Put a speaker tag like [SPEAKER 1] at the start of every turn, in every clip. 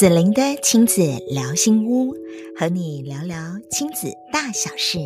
[SPEAKER 1] 子玲的親子聊心屋，和你聊聊親子大小事。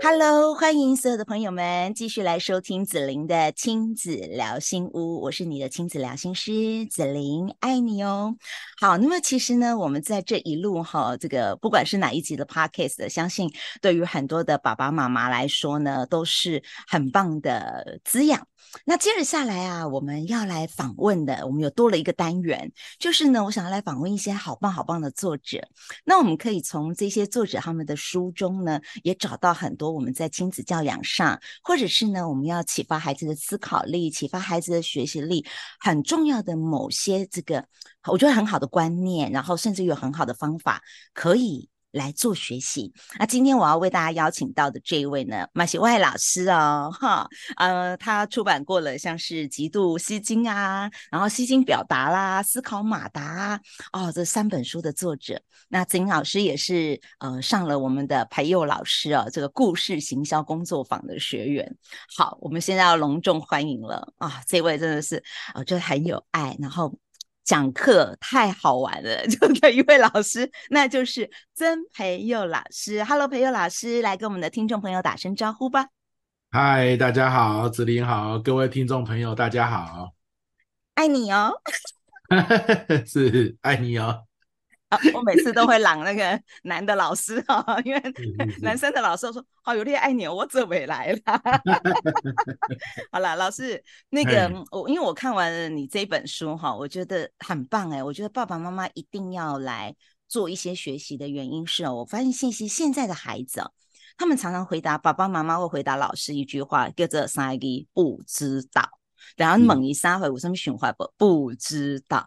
[SPEAKER 1] Hello，歡迎所有的朋友們繼續來收聽子玲的親子聊心屋，我是你的親子聊心師子玲，愛你哦。好，那麼其實呢，我們在這一路哈，這個不管是哪一集的 Podcast，相信對於很多的爸爸媽媽來說呢，都是很棒的滋養。那接着下來啊，我們要來訪問的，我們又多了一個單元，就是呢，我想要來訪問一些好棒好棒的作者。那我們可以從這些作者他們的書中呢，也找到很多我們在親子教養上，或者是呢，我們要啟發孩子的思考力、啟發孩子的學習力，很重要的某些這個，我覺得很好的觀念，然後甚至有很好的方法可以。來做學習。那、啊、今天我要為大家邀請到的這一位呢，馬西外老師哦，哈，呃，他出版過了像是《極度吸睛》啊，然後《吸睛表達》啦、啊，《思考馬達、啊》哦，這三本書的作者。那子玲老師也是呃，上了我們的培祐老師哦，這個故事行銷工作坊的學員。好，我們現在要隆重歡迎了啊！這位真的是啊、呃，就很有愛，然後。講課太好玩了，就 有一位老師，那就是曾培祐老師。Hello，培祐老師，來跟我們的聽眾朋友打聲招呼吧。
[SPEAKER 2] Hi，大家好，子玲好，各位聽眾朋友大家好，
[SPEAKER 1] 愛你哦，
[SPEAKER 2] 是愛你哦。
[SPEAKER 1] 啊、我每次都會朗那個男的老師哈、哦，因為男生的老師說，好、 哦、有點愛你，我準備來了。 好了，老師，那個我嘿因為我看完了你這本書哈，我覺得很棒、欸、我覺得爸爸媽媽一定要來做一些學習的原因是，我發現信息現在的孩子，他們常常回答爸爸媽媽會回答老師一句話叫做三個字，不知道，然後猛一撒回，我說你循環不不知道？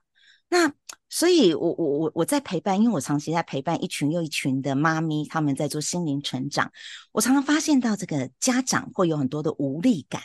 [SPEAKER 1] 那所以我，我我我我在陪伴，因為我長期在陪伴一群又一群的媽咪，他們在做心靈成長。我常常發現到，這個家長會有很多的無力感。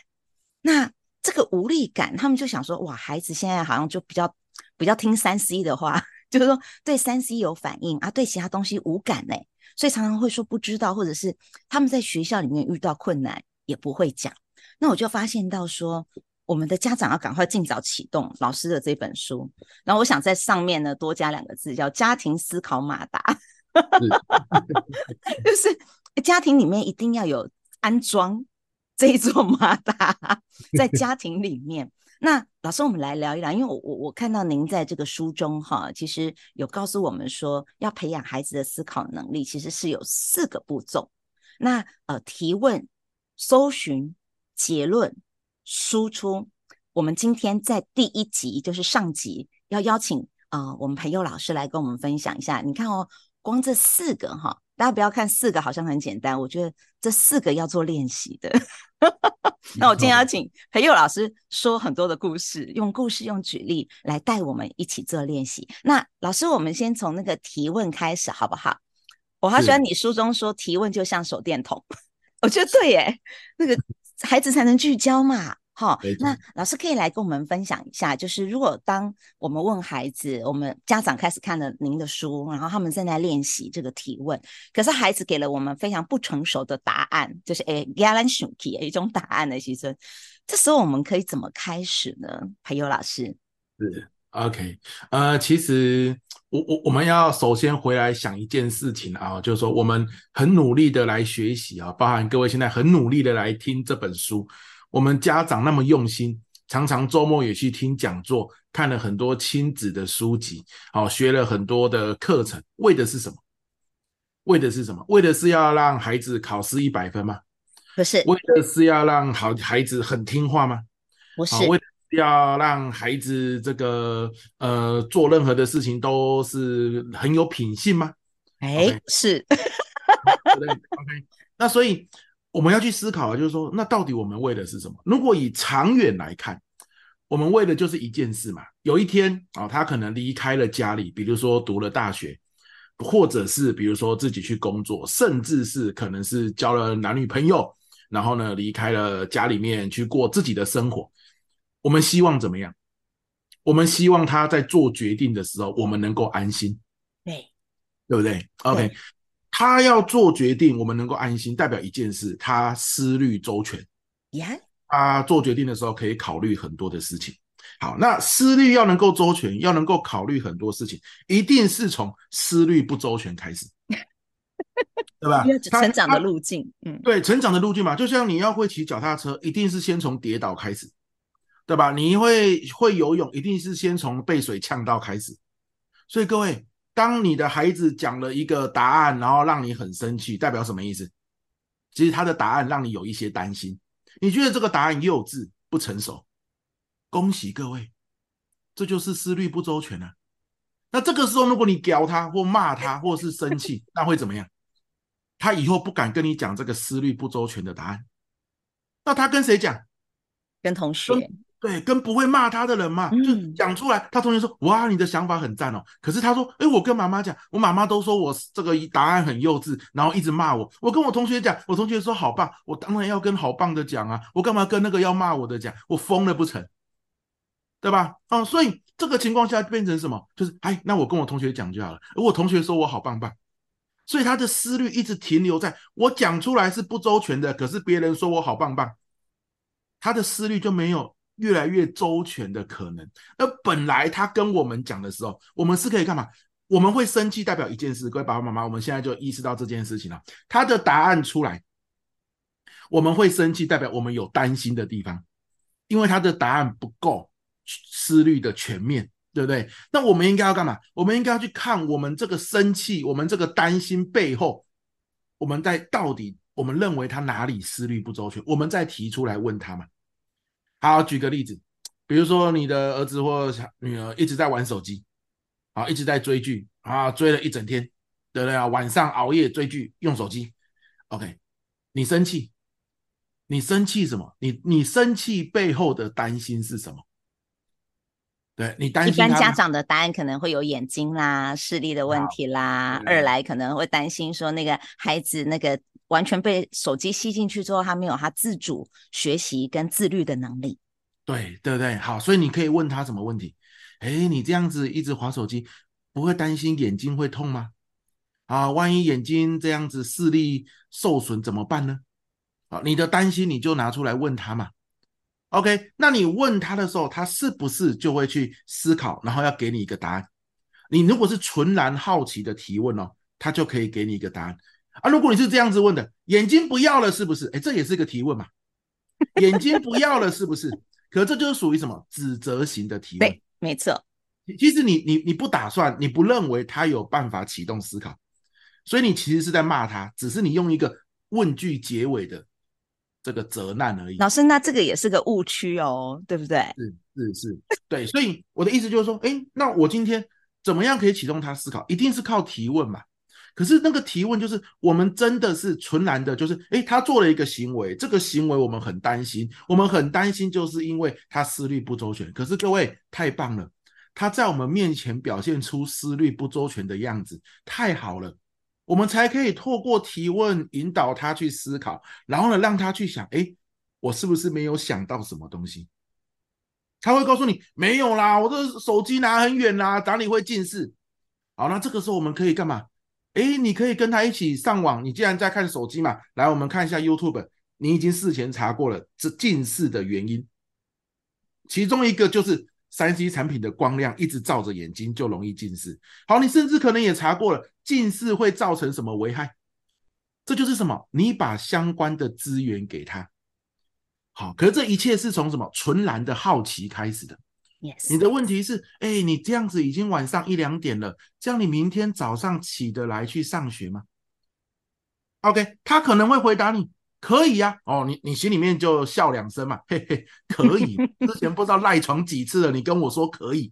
[SPEAKER 1] 那這個無力感，他們就想說，哇，孩子現在好像就比較比較聽三 C 的話，就是說對三 C 有反應啊，對其他東西無感哎、欸，所以常常會說不知道，或者是他們在學校裡面遇到困難也不會講。那我就發現到說，我們的家長要趕快盡早啟動老師的這本書，然後我想在上面呢多加兩個字，叫“家庭思考馬達”，是 就是家庭裡面一定要有安裝這一座馬達在家庭裡面。那老師，我們來聊一聊，因為我我我看到您在這個書中哈，其實有告訴我們說，要培養孩子的思考能力，其實是有四個步驟。那呃，提問、搜尋、結論。輸出。我們今天在第一集，就是上集，要邀請啊、呃，我們培祐老師來跟我們分享一下。你看哦，光這四個哈，大家不要看四個好像很簡單，我覺得這四個要做練習的。 那我今天邀請培祐老師說很多的故事，用故事用舉例來帶我們一起做練習。那老師，我們先從那個提問開始好不好？是我好喜歡你書中說提問就像手電筒， 我覺得對耶、欸，是那個。孩子才能聚焦嘛，好，非常 那老師可以來跟我們分享一下，就是如果當我們問孩子，我們家長開始看了您的書，然後他們正在練習這個提問，可是孩子給了我們非常不成熟的答案，就是哎，galanty、欸、一種答案呢，徐尊，這時候我們可以怎麼開始呢？培祐老師是。
[SPEAKER 2] OK，呃，其實我我我們要首先回來想一件事情啊，就是說我們很努力的來學習啊，包含各位現在很努力的來聽這本書，我們家長那麼用心，常常周末也去聽講座，看了很多親子的書籍，好、啊、學了很多的課程，為的是什麼？為的是什麼？為的是要讓孩子考試一百分嗎？不是。為的是要讓好孩子很聽話嗎？不是。啊要讓孩子這個呃做任何的事情都是很有品性嗎？哎，是。對，OK。那所以我們要去思考就是說，那到底我們為的是什麼？如果以長遠來看，我們為的就是一件事嘛。有一天啊，哦，他可能離開了家裡，比如說讀了大學，或者是比如說自己去工作，甚至是可能是交了男女朋友，然後呢，離開了家裡面去過自己的生活。我們希望怎麼樣？我們希望他在做決定的時候，我們能夠安心，對，對不對？OK，對他要做決定，我們能夠安心，代表一件事，他思慮周全。
[SPEAKER 1] Yes，
[SPEAKER 2] Yeah ?他做決定的時候可以考慮很多的事情。好，那思慮要能夠周全，要能夠考慮很多事情，一定是從思慮不周全開始， 對吧？成長的路徑，嗯，對，成長的路徑嘛，就像你要會騎腳踏車，一定是先從跌倒開始。對吧？你會會游泳，一定是先從被水嗆到開始。所以各位，當你的孩子講了一個答案，然後讓你很生氣，代表什麼意思？其實他的答案讓你有一些擔心。你覺得這個答案幼稚、不成熟？恭喜各位，這就是思慮不周全了啊。那這個時候，如果你屌他，或罵他，或是生氣， 那會怎麼樣？他以後不敢跟你講這個思慮不周全的答案。那他跟誰講？跟同事。嗯對，跟不會罵他的人嘛，嗯、就講出來。他同學說：“哇，你的想法很讚哦。”可是他說：“哎、欸，我跟媽媽講，我媽媽都說我這個答案很幼稚，然後一直罵我。”我跟我同學講，我同學說：“好棒！”我當然要跟好棒的講啊，我幹嘛跟那個要罵我的講？我瘋了不成？對吧？哦、嗯，所以這個情況下變成什麼？就是哎、欸，那我跟我同學講就好了。我同學說我好棒棒，所以他的思慮一直停留在我講出來是不周全的，可是別人說我好棒棒，他的思慮就沒有越來越周全的可能。那本來他跟我們講的時候，我們是可以幹嘛？我們會生氣，代表一件事。各位爸爸媽媽，我們現在就意識到這件事情了。他的答案出來，我們會生氣，代表我們有擔心的地方，因為他的答案不夠思慮的全面，對不對？那我們應該要幹嘛？我們應該要去看我們這個生氣，我們這個擔心背後，我們在到底我們認為他哪裡思慮不周全，我們再提出來問他嘛。好、啊，舉個例子，比如說你的兒子或女兒一直在玩手機，啊，一直在追劇，啊，追了一整天，對不對？晚上熬夜追劇用手機，OK？你生氣，你生氣什麼？你你生氣背後的擔心是什麼？對，你擔心。一般家
[SPEAKER 1] 長的答案可能會有眼睛啦、視力的問題啦，啊、二來可能會擔心說那個孩子那個。完全被手機吸進去之後，他沒有他自主學習跟自律的能力，
[SPEAKER 2] 對對不對？好，所以你可以問他什麼問題？誒，你這樣子一直滑手機，不會擔心眼睛會痛嗎？啊，萬一眼睛這樣子視力受損怎麼辦呢？好、啊，你的擔心你就拿出來問他嘛。OK，那你問他的時候，他是不是就會去思考，然後要給你一個答案？你如果是純然好奇的提問哦，他就可以給你一個答案。啊，如果你是這樣子問的，眼睛不要了，是不是？哎，這也是一個提問嘛。 眼睛不要了，是不是？可這就是屬於什麼？指責型的提問。沒，沒錯。其實你你你不打算，你不認為他有辦法啟動思考，所以你其實是在罵他，只是你用一個問句結尾的這個責難而已。老
[SPEAKER 1] 師，那這個也是個誤區哦，
[SPEAKER 2] 對不對？是是是，對。 所以我的意思就是說，哎，那我今天怎麼樣可以啟動他思考？一定是靠提問嘛。可是那個提問就是我們真的是純然的，就是誒、欸，他做了一個行為，這個行為我們很擔心，我們很擔心，就是因為他思慮不周全。可是各位太棒了，他在我們面前表現出思慮不周全的樣子，太好了，我們才可以透過提問引導他去思考，然後呢，讓他去想，哎、欸，我是不是沒有想到什麼東西？他會告訴你沒有啦，我的手機拿很遠啦，哪裡會近視？好，那這個時候我們可以幹嘛？誒，你可以跟他一起上網。你既然在看手機嘛，來，我們看一下 YouTube。你已經事前查過了，這近視的原因，其中一個就是 3C 產品的光亮一直照着眼睛，就容易近視。好，你甚至可能也查過了，近視會造成什麼危害？這就是什麼？你把相關的資源給他。好，可是這一切是從什麼純然的好奇開始的？你的問題是，哎、欸，你這樣子已經晚上一兩點了，這樣你明天早上起得來去上學嗎？OK，他可能會回答你可以呀、啊，哦，你你心裡面就笑兩聲嘛，嘿嘿，可以。 之前不知道賴床幾次了，你跟我說可以，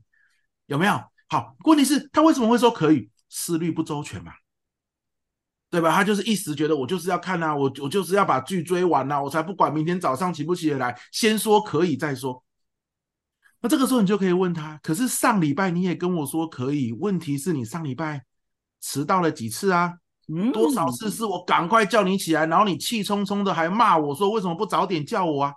[SPEAKER 2] 有沒有？好，問題是他為什麼會說可以？思慮不周全嘛，對吧？他就是一時覺得我就是要看吶、啊，我我就是要把劇追完吶、啊，我才不管明天早上起不起得來，先說可以再說。那這個時候你就可以問他，可是上禮拜你也跟我說可以，問題是你上禮拜遲到了幾次啊？多少次是我趕快叫你起來，然後你氣沖沖的還罵我說為什麼不早點叫我啊？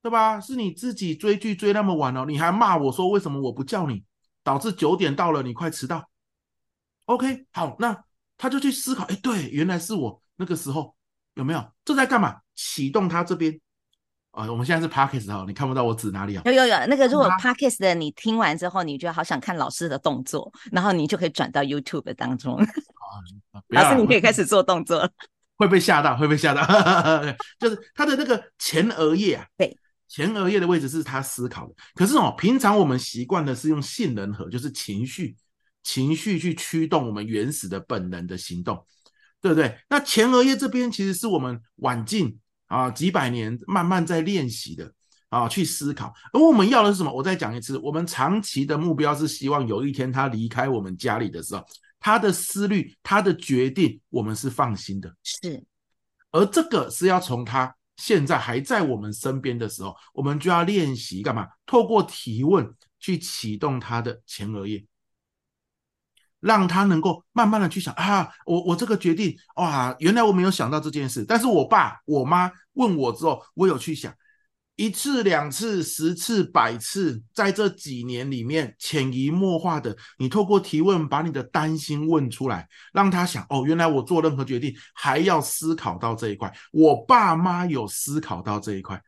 [SPEAKER 2] 對吧？是你自己追劇追那麼晚了哦，你還罵我說為什麼我不叫你，導致九點到了你快遲到。OK，好，那他就去思考，誒，對，原來是我那個時候有沒有？正在幹嘛？啟動他這邊。啊、哦，我們現在是 podcast 哈，你看不到我指哪裡、啊、有有
[SPEAKER 1] 有，那個如果 podcast 的你聽完之後，你覺得好想看老師的動作，然後你就可以轉到 YouTube 當中。嗯、
[SPEAKER 2] 老師，你可以開
[SPEAKER 1] 始做動作
[SPEAKER 2] 會被嚇到，會被嚇到， 就是他的那個前額葉啊。對，前額葉的位置是他思考的。可是哦，平常我們習慣的是用杏仁核，就是情緒、情緒去驅動我們原始的本能的行動，對不對？那前額葉這邊其實是我們晚進。啊，幾百年慢慢在練習的啊，去思考。而我們要的是什麼？我再講一次，我們長期的目標是希望有一天他離開我們家裡的時候，他的思慮、他的決定，我們是放心的。是。而這個是要從他現在還在我們身邊的時候，我們就要練習幹嘛？透過提問去啟動他的前額葉。讓他能夠慢慢的去想啊，我我這個決定哇，原來我沒有想到這件事。但是我爸我媽問我之後，我有去想一次兩次十次百次，在這幾年裡面潛移默化的，你透過提問把你的擔心問出來，讓他想哦，原來我做任何決定還要思考到這一塊。我爸媽有思考到這一塊，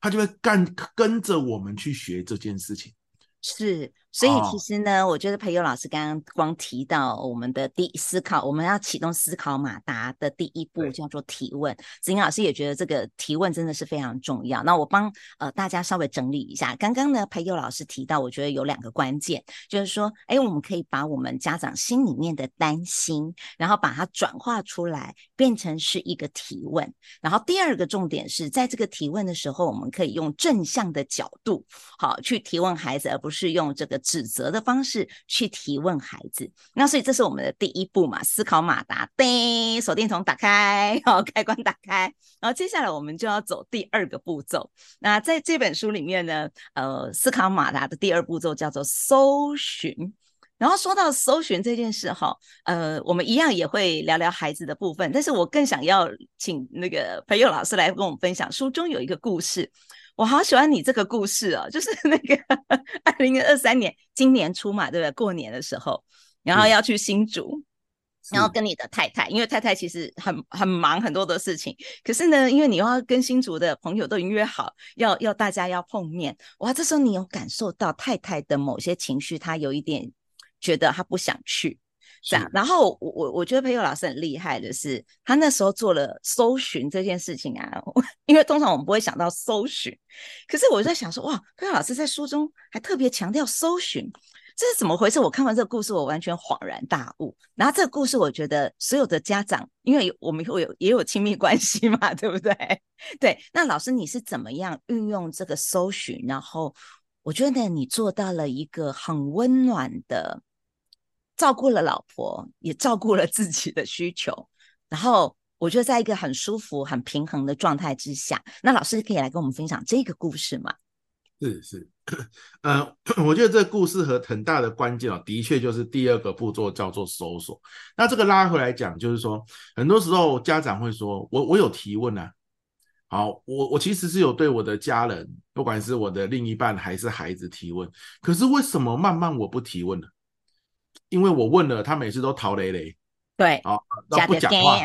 [SPEAKER 2] 他就會幹，跟着我們去學這件事情。
[SPEAKER 1] 是。所以其實呢，oh. 我覺得培祐老師剛剛光提到我們的第思考，我們要啟動思考馬達的第一步、嗯、叫做提問。子玲老師也覺得這個提問真的是非常重要。那我幫呃大家稍微整理一下，剛剛呢培祐老師提到，我覺得有兩個關鍵，就是說，哎，我們可以把我們家長心裡面的擔心，然後把它轉化出來，變成是一個提問。然後第二個重點是在這個提問的時候，我們可以用正向的角度，好去提問孩子，而不是用這個。指責的方式去提問孩子，那所以這是我們的第一步嘛，思考馬達，燈手電筒打開，好、哦、開關打開，然後接下來我們就要走第二個步驟。那在這本書裡面呢，呃，思考馬達的第二步驟叫做搜尋。然後說到搜尋這件事哈，呃，我們一樣也會聊聊孩子的部分，但是我更想要請那個培祐老師來跟我們分享書中有一個故事。我好喜歡你這個故事哦，就是那個二零二三年今年初嘛，對不對？過年的時候，然後要去新竹，嗯、然後跟你的太太，因為太太其實很很忙很多的事情，可是呢，因為你要跟新竹的朋友都已經約好，要要大家要碰面，哇，這時候你有感受到太太的某些情緒，她有一點覺得她不想去。這樣、啊，然後我我我覺得培祐老師很厲害的是，他那時候做了搜尋這件事情啊，因為通常我們不會想到搜尋，可是我就在想說，哇，培祐老師在書中還特別強調搜尋，這是怎麼回事？我看完這個故事，我完全恍然大悟。然後這個故事，我覺得所有的家長，因為我們有有也有親密關係嘛，對不對？對，那老師你是怎麼樣運用這個搜尋？然後我覺得你做到了一個很溫暖的。照顧了老婆，也照顧了自己的需求，然後我覺得在一個很舒服、很平衡的狀態之下，那老師可以來跟我們分享這個故事嗎？
[SPEAKER 2] 是是，嗯、呃，我覺得這個故事和很大的關鍵啊、哦，的確就是第二個步驟叫做搜索。那這個拉回來講，就是說，很多時候家長會說我我有提問啊，好，我我其實是有對我的家人，不管是我的另一半還是孩子提問，可是為什麼慢慢我不提問呢？因為我問了，他每次都逃雷雷，對，好、啊，他不講話，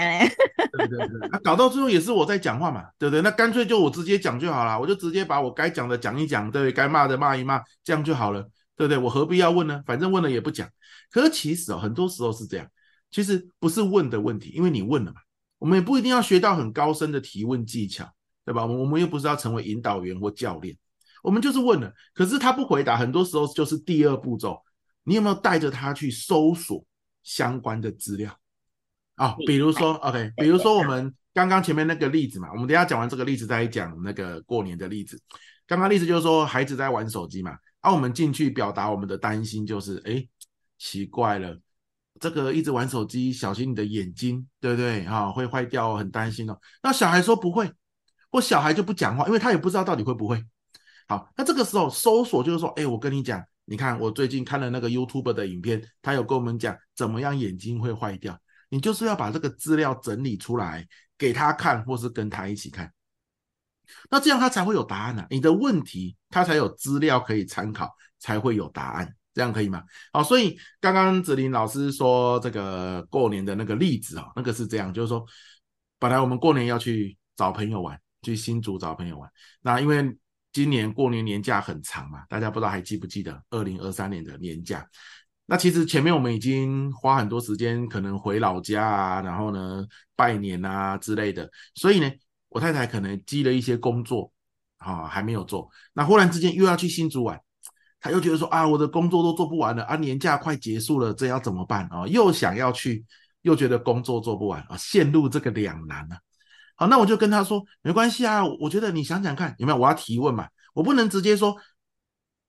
[SPEAKER 2] 對對對，那、 啊、搞到最後也是我在講話嘛，對不對？那乾脆就我直接講就好啦，我就直接把我該講的講一講，對，該罵的罵一罵，這樣就好了，對不對？我何必要問呢？反正問了也不講。可是其實喔，很多時候是這樣，其實不是問的問題，因為你問了嘛，我們也不一定要學到很高深的提問技巧，對吧？我們又不是要成為引導員或教練，我們就是問了，可是他不回答，很多時候就是第二步驟。你有沒有帶着他去搜索相關的資料啊？Oh, 比如說，OK，比如說我們剛剛前面那個例子嘛，我們等一下講完這個例子再講那個過年的例子。剛剛例子就是說孩子在玩手機嘛，啊，我們進去表達我們的擔心，就是哎、欸，奇怪了，這個一直玩手機，小心你的眼睛，對不對？哈、哦，會壞掉哦，很擔心哦。那小孩說不會，或小孩就不講話，因為他也不知道到底會不會。好，那這個時候搜索就是說，哎、欸，我跟你講。你看，我最近看了那個 YouTube 的影片，他有跟我們講怎麼樣眼睛會壞掉。你就是要把這個資料整理出來給他看，或是跟他一起看，那這樣他才會有答案啊！你的問題，他才有資料可以參考，才會有答案，這樣可以嗎？好，所以剛剛子玲老師說這個過年的那個例子啊、哦，那個是這樣，就是說，本來我們過年要去找朋友玩，去新竹找朋友玩，那因為。今年過年年假很長嘛，大家不知道還記不記得二零二三年的年假。那其實前面我們已經花很多時間，可能回老家啊，然後呢拜年啊之類的，所以呢，我太太可能積了一些工作啊，還沒有做。那忽然之間又要去新竹玩，啊，她又覺得說啊，我的工作都做不完了啊，年假快結束了，這要怎麼辦啊？又想要去，又覺得工作做不完啊，陷入這個兩難啊。好，那我就跟他說，沒關係啊，我覺得你想想看有沒有，我要提問嘛，我不能直接說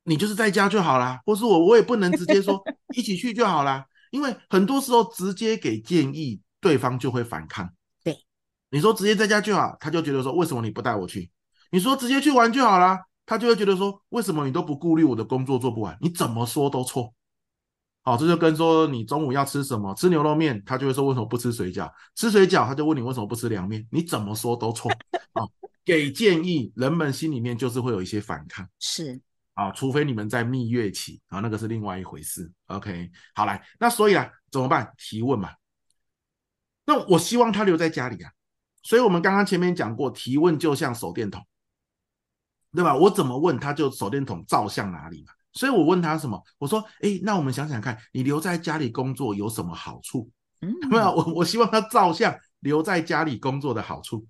[SPEAKER 2] 你就是在家就好啦，或是我我也不能直接說 一起去就好啦，因為很多時候直接給建議，對方就會反抗。對，你說直接在家就好，他就覺得說為什麼你不帶我去？你說直接去玩就好啦，他就會覺得說為什麼你都不顧慮我的工作做不完？你怎麼說都錯。哦，這就跟說你中午要吃什麼，吃牛肉麵，他就會說為什麼不吃水餃？吃水餃，他就問你為什麼不吃涼麵？你怎麼說都錯。啊、 哦，給建議，人們心裡面就是會有一些反抗。是，啊、哦，除非你們在蜜月期，啊、哦，那個是另外一回事。OK，好來，那所以啊，怎麼辦？提問嘛。那我希望他留在家裡啊，所以我們剛剛前面講過，提問就像手電筒，對吧？我怎麼問他就手電筒照向哪裡嘛、啊。所以我問他什麼？我說：“哎，那我們想想看，你留在家裡工作有什麼好處？沒有、嗯？我 我希望他照相留在家裡工作的好處。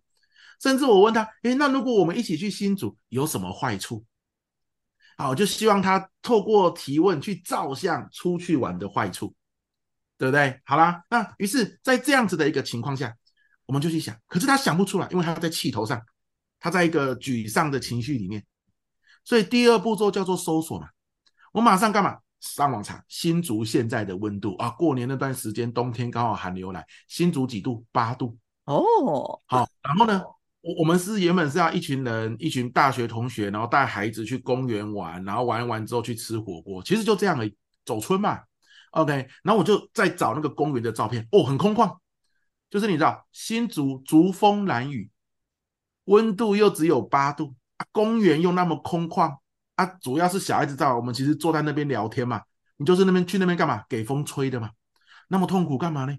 [SPEAKER 2] 甚至我問他：哎，那如果我們一起去新竹有什麼壞處？好，就希望他透過提問去照相出去玩的壞處，對不對？好啦，那於是，在這樣子的一個情況下，我們就去想。可是他想不出來，因為他在氣頭上，他在一個沮喪的情緒裡面。所以第二步驟叫做搜索嘛。”我馬上幹嘛？上網查新竹現在的溫度啊。過年那段時間冬天剛好寒流來，新竹幾度？八度哦。Oh. 好，然後呢，我我們是原本是要一群人，一群大學同學，然後帶孩子去公園玩，然後玩完之後去吃火鍋，其實就這樣而已，走春嘛。OK，然後我就在找那個公園的照片，哦，很空曠，就是你知道新竹竹風蘭雨，溫度又只有八度，啊，公園又那麼空曠。啊，主要是小孩子在，我們其實坐在那邊聊天嘛。你就是那邊去那邊幹嘛？給風吹的嘛，那麼痛苦幹嘛呢？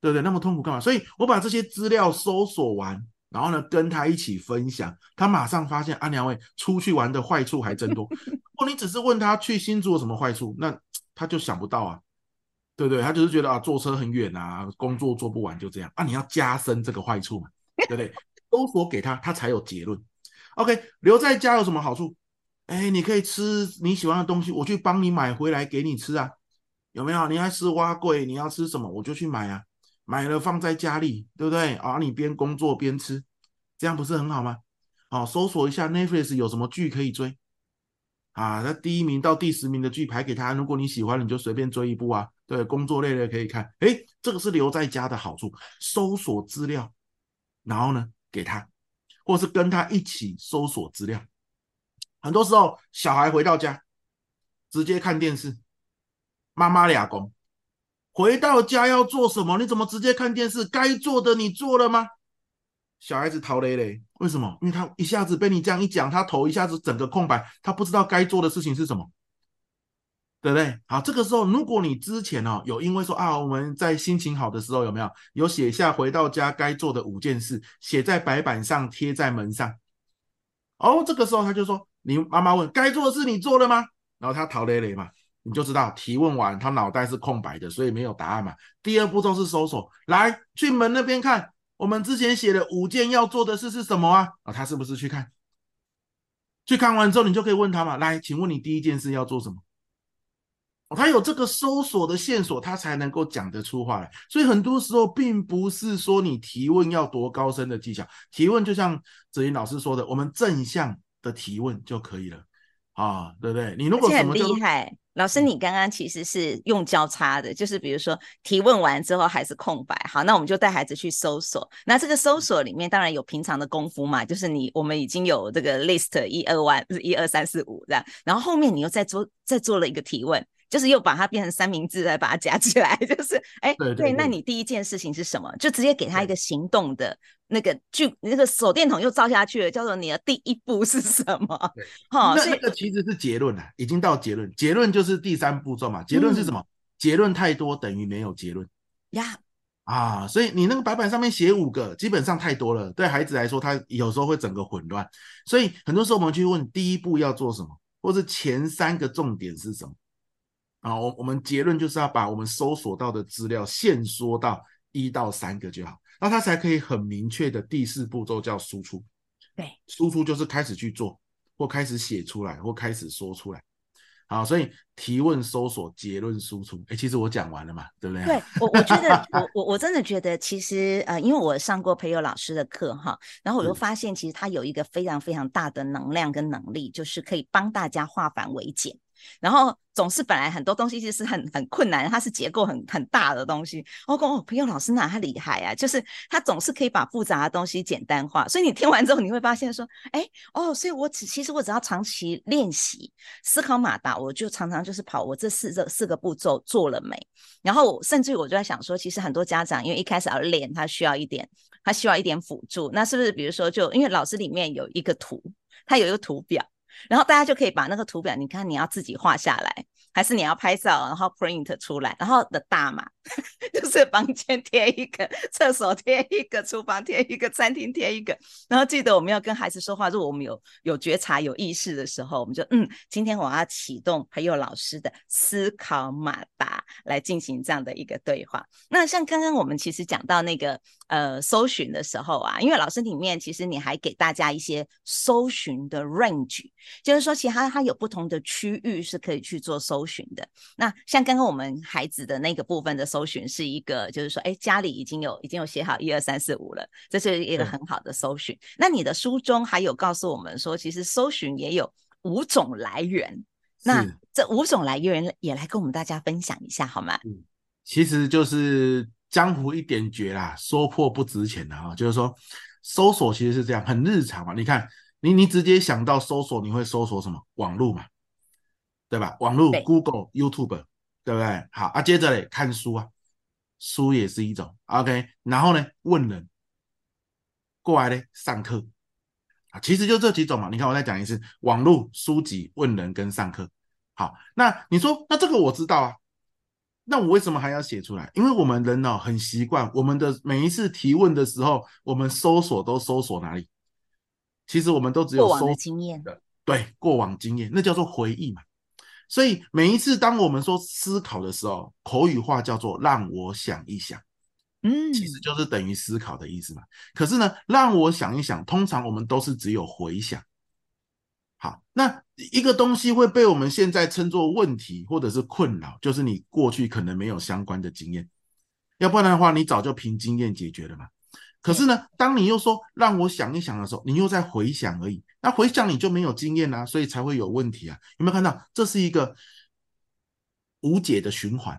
[SPEAKER 2] 對不對？那麼痛苦幹嘛？所以我把這些資料搜索完，然後呢，跟他一起分享，他馬上發現，阿娘喂，出去玩的壞處還真多。如果你只是問他去新竹有什麼壞處，那他就想不到啊。對不對？他就是覺得啊，坐車很遠啊，工作做不完就這樣啊。你要加深這個壞處嘛，對不對？搜索給他，他才有結論。OK，留在家有什麼好處？哎，你可以吃你喜歡的東西，我去幫你買回來給你吃啊，有沒有？你要吃碗粿，你要吃什麼，我就去買啊，買了放在家裡，對不對？啊、哦，你邊工作邊吃，這樣不是很好嗎？好、哦，搜索一下 Netflix 有什麼劇可以追啊，那第一名到第十名的劇排給他，如果你喜歡，你就隨便追一部啊。對，工作累了可以看。哎，這個是留在家的好處，搜索資料，然後呢，給他，或是跟他一起搜索資料。很多時候，小孩回到家直接看電視，媽媽倆工，回到家要做什麼？你怎麼直接看電視？該做的你做了嗎？小孩子頭犁犁，為什麼？因為他一下子被你這樣一講，他頭一下子整個空白，他不知道該做的事情是什麼，對不對？好，這個時候，如果你之前哦有因為說啊，我們在心情好的時候有沒有有寫下回到家該做的五件事，寫在白板上，貼在門上，哦，這個時候他就說。你媽媽問該做的事你做了嗎？然後他逃雷雷嘛，你就知道提問完他腦袋是空白的，所以沒有答案嘛。第二步驟是搜索，來去門那邊看我們之前寫的五件要做的事是什麼啊？啊、哦，他是不是去看？去看完之後你就可以問他嘛。來，請問你第一件事要做什麼？哦，他有這個搜索的線索，他才能夠講得出話來。所以很多時候並不是說你提問要多高深的技巧，提問就像子玲老師說的，我們正向。的提問就可以了啊，對不對？你如果很厲害。
[SPEAKER 1] 欸，老師，你剛剛其實是用交叉的，就是比如說提問完之後還是空白，好，那我們就帶孩子去搜索。那這個搜索裡面當然有平常的功夫嘛，就是你我們已經有這個 list 一二一不是一二三四五這樣，然後後面你又再做再做了一個提問，就是又把它變成三明治再把它夾起來，就是誒、欸，對，對，那你第一件事情是什麼？就直接給他一個行動的，那個就那個手電筒又照下去了，叫做你的第一步是什麼？對
[SPEAKER 2] 哈，那，以那個其實是結論了，已經到結論，結論就是第三步驟嘛。結論是什麼？嗯、結論太多等於沒有結論呀。啊，所以你那個白板上面寫五個，基本上太多了，對孩子來說他有時候會整個混亂。所以很多時候我們去問第一步要做什麼，或是前三個重點是什麼啊？我我們結論就是要把我們搜索到的資料限縮到一到三個就好。那他才可以很明確的，第四步驟叫輸出，對，輸出就是開始去做，或開始寫出來，或開始說出來。好，所以提問、搜索、結論、輸出，哎、欸，其實我講完了嘛，對不對？對，
[SPEAKER 1] 我，我覺得 我我我真的覺得，其實呃，因為我上過培祐老師的課哈，然後我就發現，其實他有一個非常非常大的能量跟能力，就是可以幫大家化繁為簡。然後總是本來很多東西就是很很困難，它是結構很很大的東西。哦，跟我，培祐老師那他厲害啊，就是他總是可以把複雜的東西簡單化。所以你聽完之後，你會發現說，哎，哦，所以我只其實我只要長期練習思考馬達，我就常常就是跑我這四這四個步驟做了沒？然後甚至於我就在想說，其實很多家長因為一開始要練，他需要一點，他需要一點輔助。那是不是比如說就因為老師裡面有一個圖，他有一個圖表？然後大家就可以把那個圖表，你看你要自己畫下來，還是你要拍照，然後 print 出來，然後的大碼就是房間貼一個，廁所貼一個，廚房貼一個，餐廳貼一個。然後記得我們要跟孩子說話，如果我們有有覺察、有意識的時候，我們就嗯，今天我要啟動培祐老師的思考馬達來進行這樣的一個對話。那像剛剛我們其實講到那個呃搜尋的時候啊，因為老師裡面其實你還給大家一些搜尋的 range，就是說其實它有不同的區域是可以去做搜尋。搜尋的那像剛剛我們孩子的那個部分的搜尋是一個，就是說，哎、欸，家裡已經有已經有寫好一二三四五了，這是一個很好的搜尋。嗯、那你的書中還有告訴我們說，其實搜尋也有五種來源。那這五種來源也來跟我們大家分享一下好嗎？嗯，
[SPEAKER 2] 其實就是江湖一點訣啦，說破不值錢的、啊、哈。就是說，搜索其實是這樣，很日常嘛、啊。你看，你你直接想到搜索，你會搜索什麼？網路嘛。對吧？網絡、對 Google、YouTube，對不對？好啊，接着嘞，看書啊，書也是一種。OK，然後呢，問人，過來嘞，上課啊，其實就這幾種嘛。你看，我再講一次：網絡、書籍、問人跟上課。好，那你說，那這個我知道啊，那我為什麼還要寫出來？因為我們人呢很習慣，我們的每一次提問的時候，我們搜索都搜索哪裡？其實我們都只有搜過往的經驗。對，過往經驗，那叫做回憶嘛。所以每一次當我們說思考的時候，口語化叫做“讓我想一想”，嗯，其實就是等於思考的意思嘛。可是呢，“讓我想一想”，通常我們都是只有回想。好，那一個東西會被我們現在稱作問題或者是困擾，就是你過去可能沒有相關的經驗，要不然的話，你早就憑經驗解決了嘛。可是呢，當你又說讓我想一想的時候，你又在回想而已。那回想你就沒有經驗啊，所以才會有問題啊。有沒有看到？這是一個無解的循環，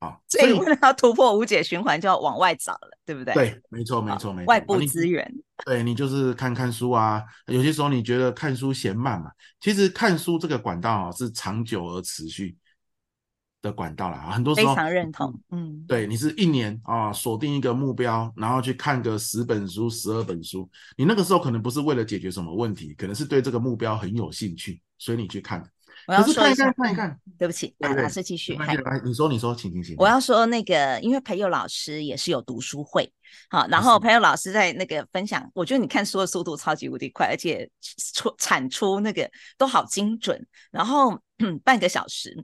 [SPEAKER 2] 嗯、啊。所以
[SPEAKER 1] 要突破無解循環，就要往外找了，對不對？對，
[SPEAKER 2] 沒錯，哦、沒錯，沒錯。外部資源，啊、你對你就是看看書啊。有些時候你覺得看書嫌慢嘛，啊？其實看書這個管道啊，是長久而持續。的管道啦，很多時候，非常認同，嗯，對，你是一年啊，鎖定一個目標，然後去看個十本書、十二本書，你那個時候可能不是為了解決什麼問題，可能是對這個目標很有興趣，所以你去看。我要說一
[SPEAKER 1] 下看一看，對不起對不對，還是繼續。還有，
[SPEAKER 2] 你說你說，請請請。請我
[SPEAKER 1] 要說那個，因為培祐老師也是有讀書會，好，然後培祐老師在那個分享，是我覺得你看書的速度超級無敵快，而且出產出那個都好精準，然後半個小時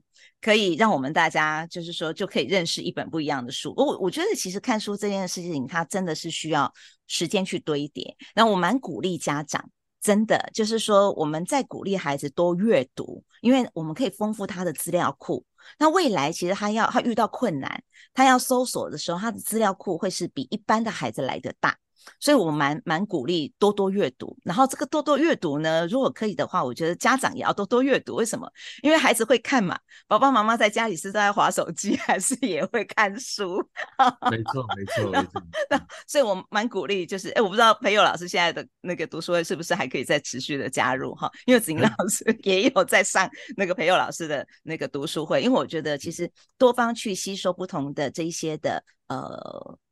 [SPEAKER 1] 可以讓我們大家就是說就可以認識一本不一樣的書。我我覺得其實看書這件事情，它真的是需要時間去堆疊，那我蠻鼓勵家長。真的就是說，我們在鼓勵孩子多閱讀，因為我們可以豐富他的資料庫。那未來其實他要他遇到困難，他要搜索的時候，他的資料庫會是比一般的孩子來得大。所以我蠻蠻鼓勵多多閱讀，然後這個多多閱讀呢，如果可以的話，我覺得家長也要多多閱讀。為什麼？因為孩子會看嘛。爸爸媽媽在家裡是在滑手機，還是也會看書？哈哈沒
[SPEAKER 2] 錯，沒
[SPEAKER 1] 錯，後沒錯，後沒錯。所以我蠻鼓勵，就是哎，我不知道培祐老師現在的那個讀書會是不是還可以再持續的加入哈？因為子玲老師也有在上那個培祐老師的那個讀書會， 因為我覺得其實多方去吸收不同的這一些的呃，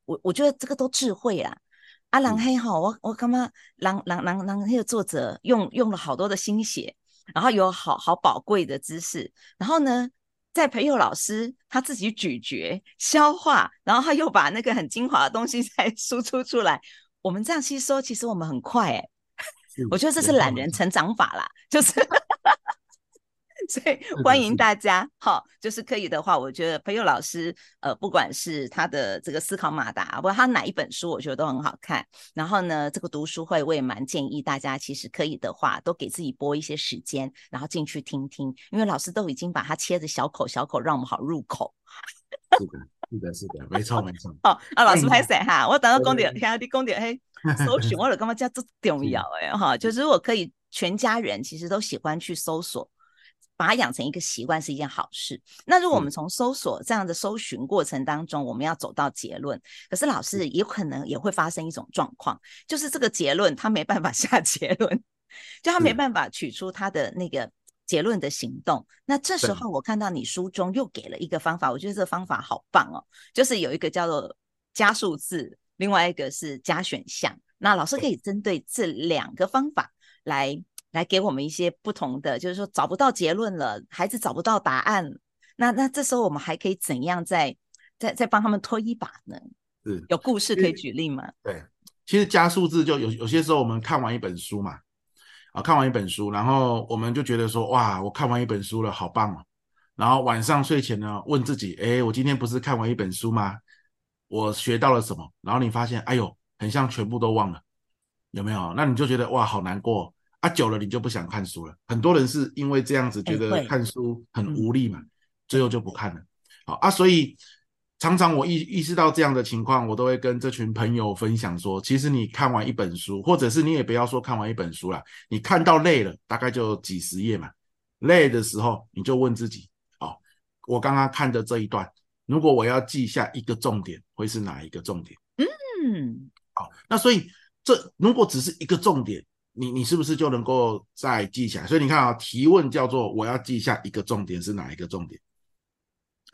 [SPEAKER 1] 我我覺得這個都智慧啊。啊，藍黑哈、哦，我我感覺藍藍藍藍黑的作者用用了好多的心血，然後有好好寶貴的知識，然後呢，在培祐老師他自己咀嚼消化，然後他又把那個很精華的東西再輸出出來，我們這樣吸收，其實我們很快哎、欸，是 我覺得這是懶人成長法啦，嗯、就是。 所以歡迎大家，好、哦，就是可以的話，我覺得培祐老師，呃，不管是他的這個思考馬達，不管他哪一本書，我覺得都很好看。然後呢，這個讀書會我也蠻建議大家，其實可以的話，都給自己撥一些時間，然後進去聽聽，因為老師都已經把它切着小口小口，讓我們好入口。是的，是
[SPEAKER 2] 的，是的，沒錯，沒錯。
[SPEAKER 1] 好、哦、錯啊，老師拍散哈，哎、呀我等到公點，看下啲公點，哎，搜尋我哋嘛叫真重要，哎哈 的、哦，就是我可以全家人其實都喜歡去搜索。把它養成一個習慣是一件好事。那如果我們從搜索這樣的搜尋過程當中，嗯、我們要走到結論，可是老師也可能也會發生一種狀況，嗯、就是這個結論他沒辦法下結論，就他沒辦法取出他的那個結論的行動。嗯、那這時候我看到你書中又給了一個方法，對我覺得這個方法好棒哦，就是有一個叫做加數字，另外一個是加選項。那老師可以針對這兩個方法來來給我們一些不同的，就是說找不到結論了，孩子找不到答案，那那這時候我們還可以怎樣再再再幫他們推一把呢？是，有故事可以舉例嗎？對，
[SPEAKER 2] 其實加數字就有有些時候我們看完一本書嘛，啊，看完一本書，然後我們就覺得說哇，我看完一本書了，好棒啊、哦！然後晚上睡前呢，問自己，哎，我今天不是看完一本書嗎？我學到了什麼？然後你發現，哎呦，很像全部都忘了，有沒有？那你就覺得哇，好難過哦。啊，久了你就不想看書了。很多人是因為這樣子覺得看書很無力嘛，最後就不看了。好啊，所以常常我意意識到這樣的情況，我都會跟這群朋友分享說，其實你看完一本書，或者是你也不要說看完一本書啦，你看到累了，大概就幾十頁嘛。累的時候，你就問自己：哦，我剛剛看的這一段，如果我要記下一個重點，會是哪一個重點？
[SPEAKER 1] 嗯，
[SPEAKER 2] 好，那所以這如果只是一個重點。你你是不是就能夠再記起來？所以你看啊，提問叫做我要記下一個重點是哪一個重點？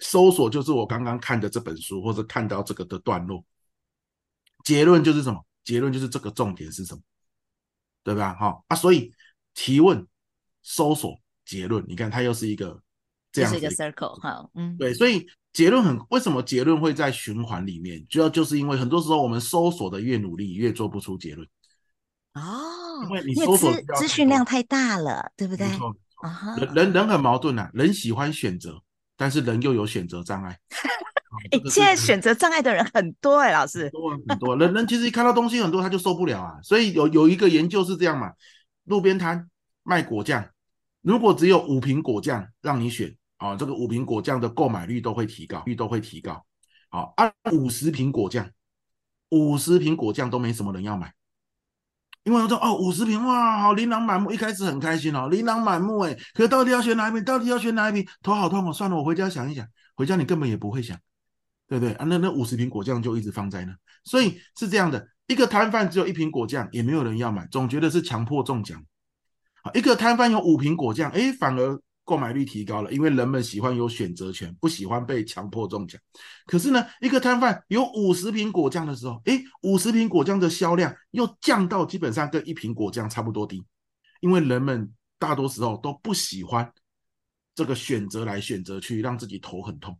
[SPEAKER 2] 搜索就是我剛剛看的這本書，或者看到這個的段落。結論就是什麼？結論就是這個重點是什麼？對吧？好，啊，所以提問、搜索、結論，你看它又是一個這樣子一個，又是一個
[SPEAKER 1] circle 哈，嗯，
[SPEAKER 2] 對，所以結論很，為什麼結論會在循環裡面？主要就是因為很多時候我們搜索的越努力，越做不出結論
[SPEAKER 1] 啊。因為你說資資訊量太大了，對不對？人
[SPEAKER 2] 人人很矛盾啊，人喜歡選擇，但是人又有選擇障礙。 誒現在選擇障礙的人很多哎、欸，老師。很多很多，人人其實一看到東西很多，他就受不了啊。所以有有一個研究是這樣嘛，路邊攤賣果醬，如果只有五瓶果醬讓你選啊，這個五瓶果醬的購買率都會提高，率都會提高。好、啊，按五十瓶果醬，五十瓶果醬都沒什麼人要買。因為我說哦，五十瓶哇，好琳琅滿目，一開始很開心哦，琳琅滿目哎，可是到底要選哪一瓶？到底要選哪一瓶？頭好痛哦，算了，我回家想一想。回家你根本也不會想，對不對啊？那那五十瓶果醬就一直放在那。所以是這樣的，一個攤販只有一瓶果醬，也沒有人要買，總覺得是強迫中獎。啊，一個攤販有五瓶果醬，哎，反而。購買率提高了，因為人們喜歡有選擇權，不喜歡被強迫中獎。可是呢，一個攤販有五十瓶果醬的時候，哎，五十瓶果醬的銷量又降到基本上跟一瓶果醬差不多低，因為人們大多時候都不喜歡這個選擇來選擇去，讓自己頭很痛。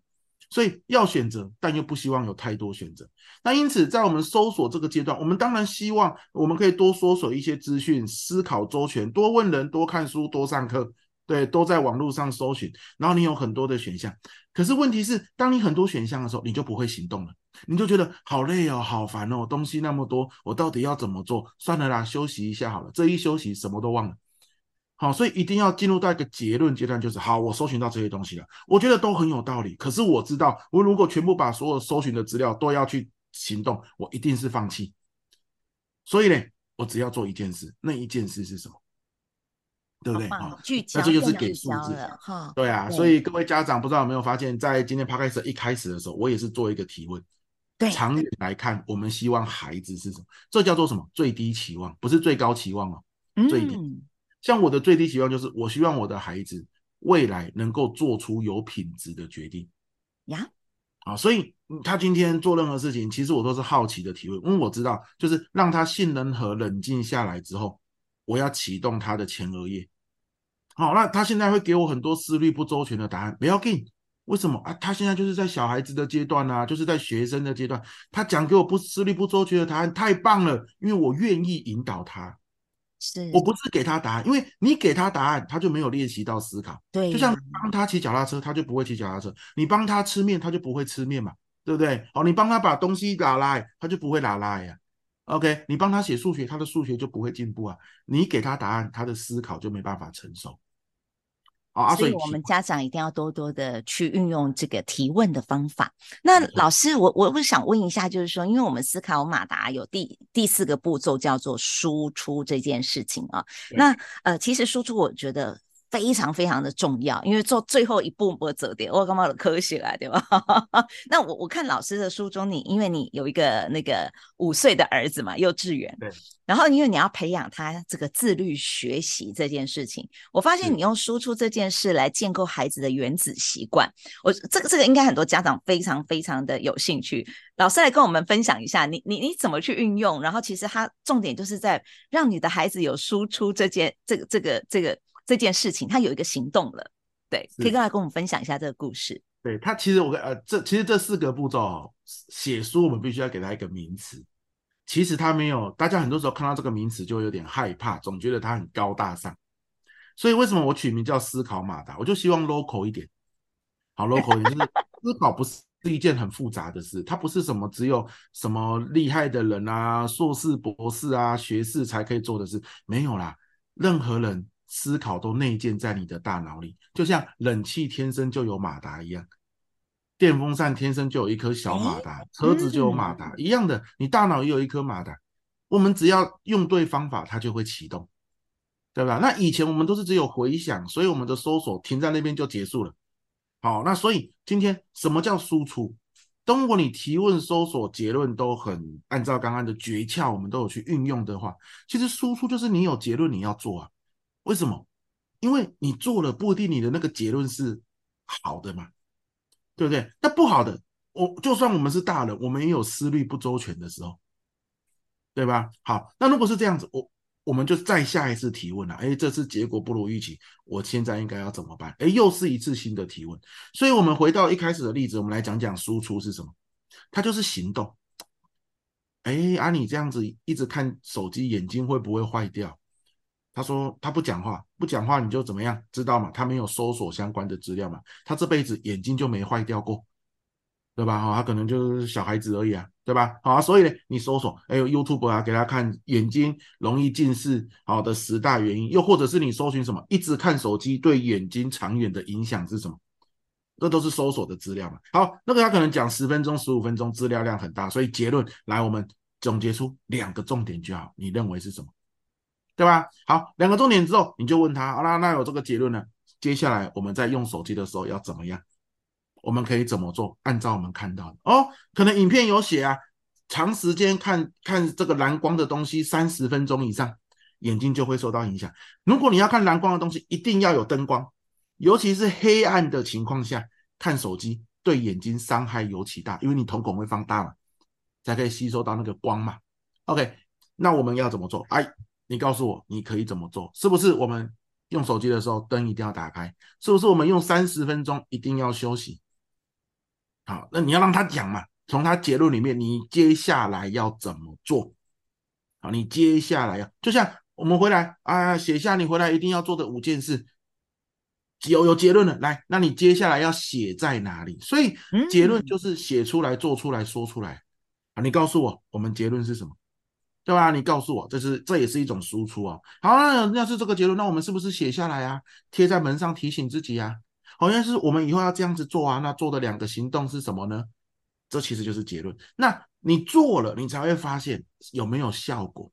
[SPEAKER 2] 所以要選擇，但又不希望有太多選擇。那因此，在我們搜索這個階段，我們當然希望我們可以多搜索一些資訊，思考周全，多問人，多看書，多上課。對，都在網絡上搜尋，然後你有很多的選項。可是問題是，當你很多選項的時候，你就不會行動了，你就覺得好累哦，好煩哦，東西那麼多，我到底要怎麼做？算了啦，休息一下好了。這一休息，什麼都忘了。好，所以一定要進入到一個結論階段，就是好，我搜尋到這些東西了，我覺得都很有道理。可是我知道，我如果全部把所有搜尋的資料都要去行動，我一定是放棄。所以呢，我只要做一件事，那一件事是什麼？對不對、哦好？哈，聚焦，那這就，就是給數字，哈，哦、對啊。對，所以各位家長不知道有沒有發現，在今天 podcast 一開始的時候，我也是做一個提問。對，長遠來看，我們希望孩子是什麼？這叫做什麼？最低期望，不是最高期望啊。最低，像我的最低期望就是，我希望我的孩子未來能夠做出有品質的決定。呀，啊，所以他今天做任何事情，其實我都是好奇的提問，因為我知道，就是讓他信任和冷靜下來之後。我要啟動他的前額葉，好，那他現在會給我很多思慮不周全的答案。不要給，為什麼啊？他現在就是在小孩子的階段啊，就是在學生的階段，他講給我不思慮不周全的答案，太棒了，因為我願意引導他。
[SPEAKER 1] 是我
[SPEAKER 2] 不是給他答案，因為你給他答案，他就沒有練習到思考。對耶，就像你幫他騎腳踏車，他就不會騎腳踏車；你幫他吃麵，他就不會吃麵嘛，對不對？哦，你幫他把東西拿來，他就不會拿來呀、啊。OK，你幫他寫數學，他的數學就不會進步啊！你給他答案，他的思考就沒辦法承受。啊、oh, 所以我們家
[SPEAKER 1] 長一定要多多的去運用這個提問的方法。那老師，我我我想問一下，就是說，因為我們思考馬達有第第四個步驟叫做輸出這件事情啊。那呃，其實輸出，我覺得。非常非常的重要，因為做最後一步，我走掉，我幹嘛的科學啦，對吧？ 那我我看老師的書中你，你因為你有一個那個五歲的兒子嘛，幼稚園，對然後因為你要培養他這個自律學習這件事情，我發現你用輸出這件事來建構孩子的原子習慣，嗯、我這個這個應該很多家長非常非常的有興趣，老師來跟我們分享一下你，你你你怎麼去運用？然後其實他重點就是在讓你的孩子有輸出這件，這個這個這個。這個這件事情，他有一個行動了，對，是可以跟他跟我們分享一下這個故事。
[SPEAKER 2] 對他，其實我跟呃，這其實這四個步驟哦，寫書我們必須要給他一個名詞。其實他沒有，大家很多時候看到這個名詞就有點害怕，總覺得他很高大上。所以為什麼我取名叫“思考馬達”，我就希望 local 一點，好 local，就是思考不是是一件很複雜的事， 它不是什麼只有什麼厲害的人啊、碩士、博士啊、學士才可以做的事，沒有啦，任何人。思考都內建在你的大腦裡，就像冷氣天生就有馬達一樣，電風扇天生就有一顆小馬達，車子就有馬達一樣的，你大腦也有一顆馬達。我們只要用對方法，它就會啟動，對吧？那以前我們都是只有回想，所以我們的搜索停在那邊就結束了。好，那所以今天什麼叫輸出？如果你提問、搜索、結論都很按照剛剛的訣竅，我們都有去運用的話，其實輸出就是你有結論你要做啊。為什麼？因為你做了，不一定你的那個結論是好的嘛，對不對？那不好的，我就算我們是大人，我們也有思慮不周全的時候，對吧？好，那如果是這樣子，我我們就再下一次提問了。哎，這次結果不如預期，我現在應該要怎麼辦？哎，又是一次新的提問。所以，我們回到一開始的例子，我們來講講輸出是什麼？它就是行動。哎，啊，你這樣子一直看手機，眼睛會不會壞掉？他說他不講話，不講話你就怎麼樣知道嘛？他沒有搜索相關的資料嘛？他這輩子眼睛就沒壞掉過，對吧？哈、哦，他可能就是小孩子而已啊，對吧？好、哦，所以呢，你搜索，哎呦，YouTube 啊，給他看眼睛容易近視好的十大原因，又或者是你搜尋什麼一直看手機對眼睛長遠的影響是什麼？這都是搜索的資料嘛？好，那個他可能講十分鐘、十五分鐘，資料量很大，所以結論，來，我們總結出兩個重點就好，你認為是什麼？對吧？好，兩個重點之後，你就問他，好啦，那有這個結論呢？接下來我們在用手機的時候要怎麼樣？我們可以怎麼做？按照我們看到的哦，可能影片有寫啊，長時間看看這個藍光的東西，三十分鐘以上，眼睛就會受到影響。如果你要看藍光的東西，一定要有燈光，尤其是黑暗的情況下看手機，對眼睛傷害尤其大，因為你瞳孔會放大嘛，才可以吸收到那個光嘛。OK，那我們要怎麼做？哎？你告訴我，你可以怎麼做？是不是我們用手機的時候，燈一定要打開？是不是我們用三十分鐘一定要休息？好，那你要讓他講嘛。從他結論裡面，你接下來要怎麼做？好，你接下來要，就像我們回來啊，寫下你回來一定要做的五件事。有有結論了，來，那你接下來要寫在哪裡？所以結論就是寫出來、做出來說出來啊。好，你告訴我，我們結論是什麼？對吧？你告訴我，這是這也是一種輸出哦，啊。好了，那要是這個結論，那我們是不是寫下來啊？貼在門上提醒自己啊？好像是我們以後要這樣子做啊。那做的兩個行動是什麼呢？這其實就是結論。那你做了，你才會發現有沒有效果。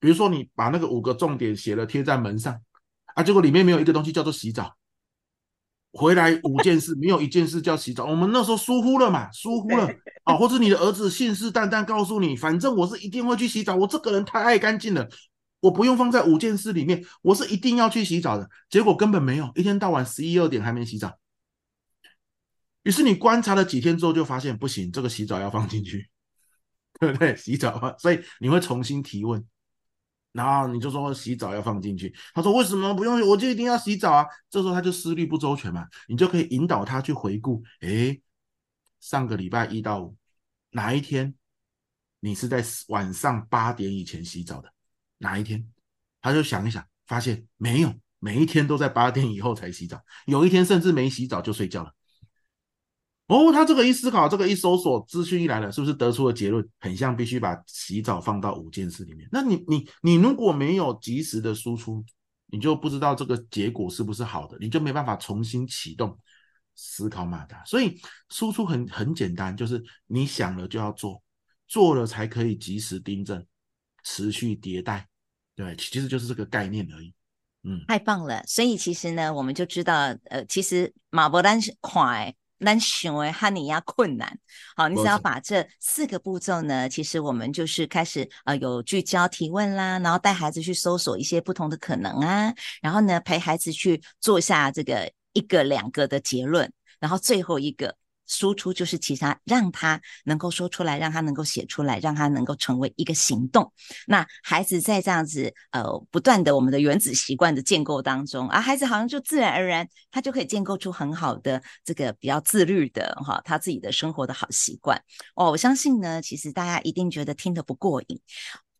[SPEAKER 2] 比如說，你把那個五個重點寫了貼在門上啊，結果裡面沒有一個東西叫做洗澡。回來五件事，沒有一件事叫洗澡。我們那時候疏忽了嘛，疏忽了啊、哦，或者你的兒子信誓旦旦告訴你，反正我是一定會去洗澡，我這個人太愛乾淨了，我不用放在五件事裡面，我是一定要去洗澡的。結果根本沒有，一天到晚十一二點還沒洗澡。於是你觀察了幾天之後，就發現不行，這個洗澡要放進去， 對不對？洗澡啊，所以你會重新提問。然後你就說洗澡要放進去，他說為什麼不用？我就一定要洗澡啊！這時候他就思慮不周全嘛，你就可以引導他去回顧，誒，上個禮拜一到五哪一天你是在晚上八點以前洗澡的？哪一天？他就想一想，發現沒有，每一天都在八點以後才洗澡，有一天甚至沒洗澡就睡覺了。哦，他這個一思考，這個一搜索資訊一來了，是不是得出的結論很像必須把洗澡放到五件事裡面？那你你你如果沒有及時的輸出，你就不知道這個結果是不是好的，你就沒辦法重新啟動思考馬達。所以輸出很很簡單，就是你想了就要做，做了才可以及時訂正，持續迭代，對，對，其實就是這個概念而已。嗯，太棒了。所以其
[SPEAKER 1] 實呢，我們就知道，呃，其實馬伯丹是快、欸。難尋為哈尼亞困難，好，你只要把這四個步驟呢，不行，其實我們就是開始呃有聚焦提問啦，然後帶孩子去搜索一些不同的可能啊，然後呢陪孩子去做一下這個一個兩個的結論，然後最後一個。輸出就是其他，讓他能夠說出來，讓他能夠寫出來，讓他能夠成為一個行動。那孩子在這樣子呃不斷的我們的原子習慣的建構當中啊，孩子好像就自然而然他就可以建構出很好的這個比較自律的哈、哦，他自己的生活的好習慣哦。我相信呢，其實大家一定覺得聽得不過癮，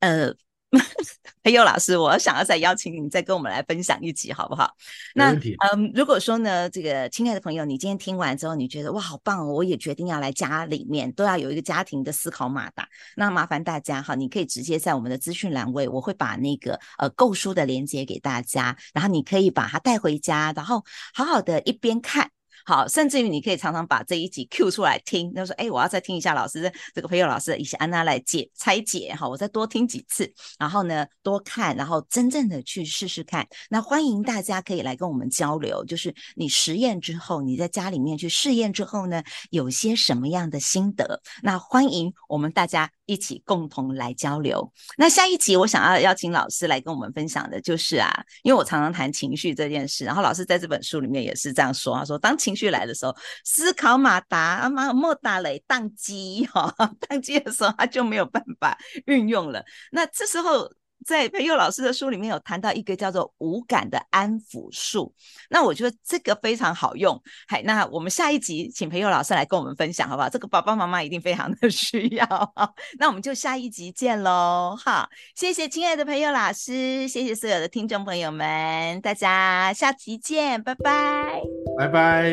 [SPEAKER 1] 呃。哎呦， 嘿，老師，我想要再邀請你，再跟我們來分享一集，好不好？那嗯，如果說呢，這個親愛的朋友，你今天聽完之後，你覺得哇，好棒哦！我也決定要來家裡面，都要有一個家庭的思考馬達。那麻煩大家哈，你可以直接在我們的資訊欄位，我會把那個呃購書的鏈接給大家，然後你可以把它帶回家，然後好好的一邊看。好，甚至於你可以常常把這一集 Q 出來聽，那就說哎、欸，我要再聽一下老師這個培祐老師一起安娜來解拆解哈，我再多聽幾次，然後呢多看，然後真正的去試試看。那歡迎大家可以來跟我們交流，就是你實驗之後，你在家裡面去試驗之後呢，有些什麼樣的心得？那歡迎我們大家一起共同來交流。那下一集我想要邀請老師來跟我們分享的就是啊，因為我常常談情緒這件事，然後老師在這本書裡面也是這樣說，他說當情緒情緒來的時候，思考馬達、馬、啊、莫達雷宕機，哈、哦，宕機的時候他就沒有辦法運用了。那這時候。在培祐老師的書裡面有談到一個叫做“無感”的安撫術，那我覺得這個非常好用。嗨，那我們下一集請培祐老師來跟我們分享，好不好？這個爸爸媽媽一定非常的需要。 那我們就下一集見嘍，好，謝謝親愛的培祐老師，謝謝所有的聽眾朋友們，大家下集見，拜拜，
[SPEAKER 2] 拜拜。